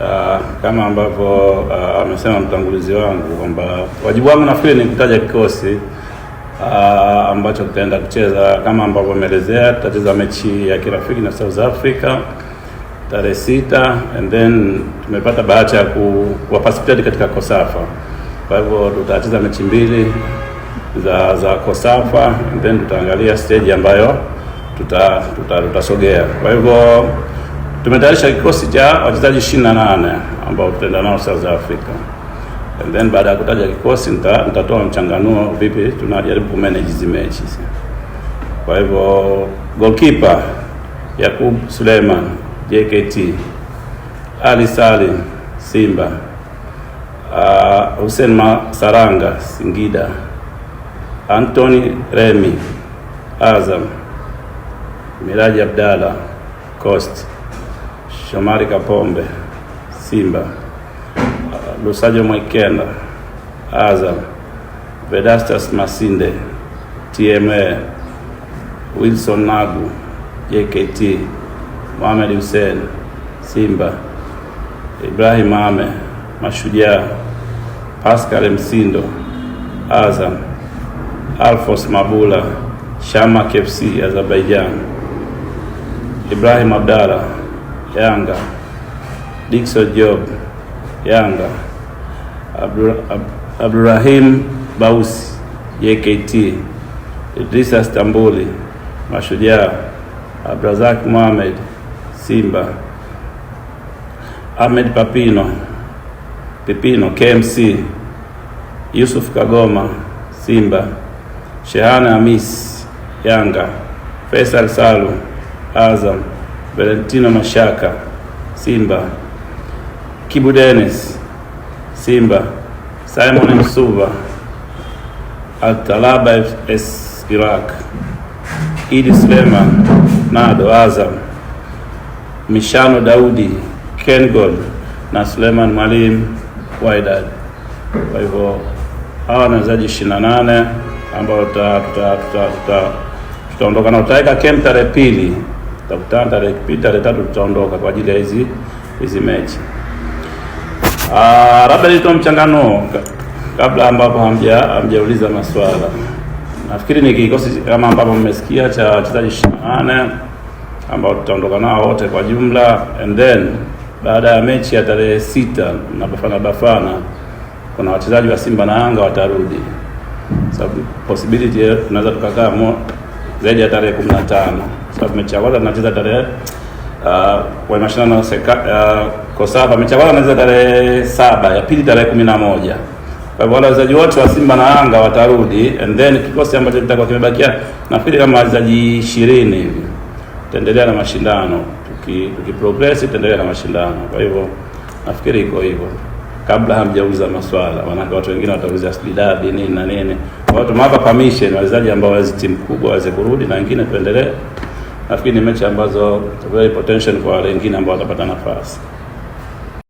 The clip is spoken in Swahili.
Uh, kama ambavyo uh, amesema mtangulizi wangu kwamba wajibu wangu nafikiri ni kutaja kikosi uh, ambacho tutaenda kucheza. Kama ambavyo ameelezea, tutacheza mechi ya kirafiki na South Africa tarehe sita, and then tumepata bahati ya kuwaparticipate katika COSAFA. Kwa hivyo tutacheza mechi mbili za za COSAFA and then tutaangalia stage ambayo tutasogea tuta, tuta, tuta kwa hivyo Tumetayarisha kikosi cha wachezaji 28 ambao tutaenda nao South Africa. And then baada ya kutaja kikosi nitatoa mchanganuo vipi tunajaribu manage hizi mechi. Kwa hivyo goalkeeper Yakub Suleiman JKT, Ali Sali Simba, uh, Hussein Masaranga Singida, Anthony Remy Azam, Miraji Abdalla Coast Shomari Kapombe Simba, Lusajo Mwekenda Azam, Vedastus Masinde TMA, Wilson Nagu JKT, Mohamed Hussein Simba, Ibrahim Ame Mashujaa, Pascal Msindo Azam, Alfos Mabula Shamak FC Azerbaijan, Ibrahim Abdalla Yanga Dixon Job Yanga Abdurahim Bausi JKT Idrisa Stambuli Mashujaa Abrazak Mohamed Simba Ahmed Papino Pipino KMC Yusuf Kagoma Simba Shehana Hamis Yanga Faisal Salu Azam Valentino Mashaka Simba, Kibu Dennis Simba, Simon Msuva, Altalaba FS Iraq, Idi Suleiman Nado Azam, Mishano Daudi Kengol na Suleiman Mwalimu Waidad. Kwa hivyo hawa wachezaji ishirini na nane ambao tutaondoka nao, tutaweka camp tarehe pili Tutakutana tarehe kipita tarehe tatu tutaondoka kwa ajili ya hizi hizi mechi. Ah, labda nitoa mchangano kabla ambapo hamja hamjauliza maswala. Nafikiri ni kikosi kama ambapo mmesikia cha wachezaji 28 ambao tutaondoka nao wote kwa jumla and then baada ya mechi ya tarehe sita na Bafana Bafana kuna wachezaji wa Simba na Yanga watarudi. Sababu so, possibility tunaweza tukakaa zaidi ya tarehe 15 sababu mechi ya kwanza tunacheza tarehe uh, wa mashindano seka uh, Kosafa mechi ya kwanza tunacheza tarehe saba ya pili tarehe 11 kwa hivyo wale wachezaji wote wa Simba na Yanga watarudi, and then kikosi ambacho kitakuwa kimebakia nafikiri kama wachezaji 20 hivi, tutaendelea na mashindano tuki, tuki progress tutaendelea na mashindano. Kwa hivyo nafikiri iko hivyo, kabla hamjauliza maswala, maanake watu wengine watauliza sijui nini na nini. watu hiyo tumewapa permission wachezaji ambao wawezi timu kubwa waweze kurudi na wengine tuendelee nafikiri ni mechi ambazo very potential kwa wengine ambao watapata nafasi.